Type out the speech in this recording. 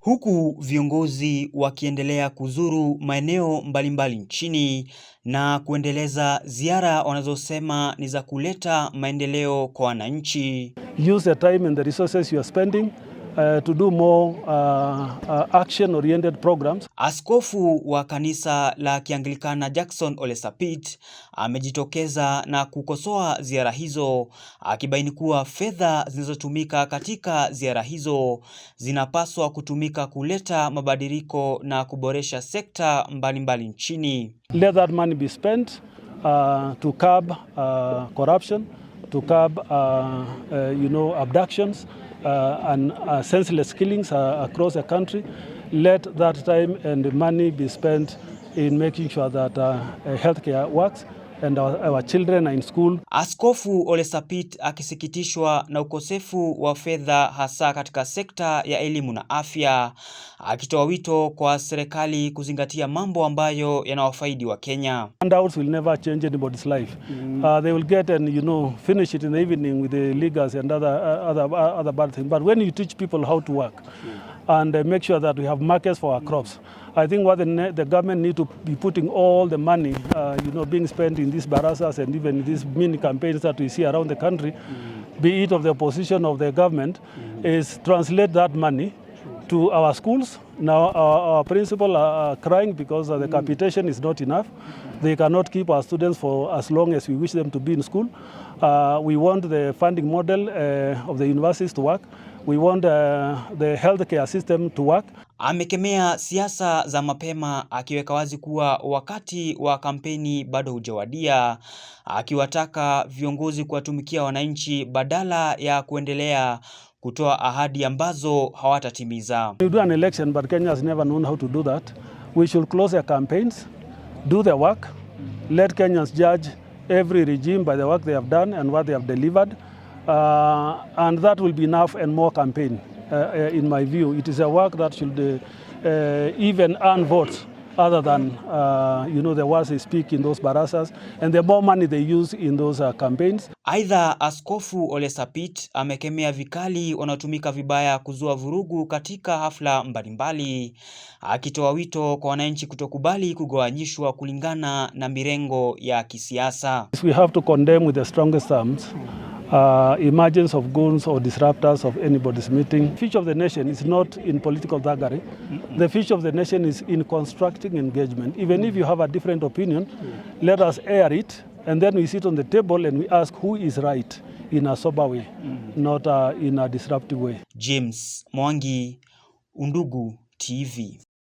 huku viongozi wakiendelea kuzuru maeneo mbalimbali nchini na kuendeleza ziara wanazosema ni za kuleta maendeleo kwa wananchi. Use the time and the resources you are spending Uh, to do more, uh, uh, action-oriented programs. Askofu wa kanisa la Kianglikana Jackson Ole Sapit amejitokeza na kukosoa ziara hizo akibaini kuwa fedha zinazotumika katika ziara hizo zinapaswa kutumika kuleta mabadiliko na kuboresha sekta mbalimbali mbali nchini. Let that money be spent, uh, to curb, uh, corruption to curb uh, uh, you know, abductions uh, and uh, senseless killings uh, across the country. Let that time and money be spent in making sure that uh, healthcare works and our, our children are in school. Askofu Ole Sapit akisikitishwa na ukosefu wa fedha hasa katika sekta ya elimu na afya, akitoa wito kwa serikali kuzingatia mambo ambayo yanawafaidi wa Kenya. Handouts will never change anybody's life. Mm. Uh, they will get and you know finish it in the evening with the leaguers and other, uh, other, uh, other bad things. But when you teach people how to work. Mm and uh, make sure that we have markets for our crops. I think what the, the government need to be putting all the money uh, you know, being spent in these barasas and even these mini campaigns that we see around the country, mm. be it of the opposition of the government, mm. is translate that money to our schools. Now our, our principal are crying because uh, the mm. capitation is not enough. They cannot keep our students for as long as we wish them to be in school. Uh, we want the funding model uh, of the universities to work. We want uh, the healthcare system to work. Amekemea siasa za mapema akiweka wazi kuwa wakati wa kampeni bado hujawadia, akiwataka viongozi kuwatumikia wananchi badala ya kuendelea kutoa ahadi ambazo hawatatimiza. We do an election but Kenya has never known how to do that. We should close their campaigns, do their work, let Kenyans judge every regime by the work they have done and what they have delivered. Uh, and that will be enough and more campaign. Uh, uh in my view, it is a work that should uh, uh even earn votes other than uh, you know the words they speak in those barasas and the more money they use in those uh, campaigns. Aidha, Askofu Ole Sapit amekemea vikali wanaotumika vibaya kuzua vurugu katika hafla mbalimbali, akitoa wito kwa wananchi kutokubali kugawanyishwa kulingana na mirengo ya kisiasa. We have to condemn with the strongest terms Uh, emergence of goons or disruptors of anybody's meeting. The future of the nation is not in political thuggery. The future of the nation is in constructing engagement. Even if you have a different opinion, let us air it and then we sit on the table and we ask who is right in a sober way, not uh, in a disruptive way. James Mwangi, Undugu TV.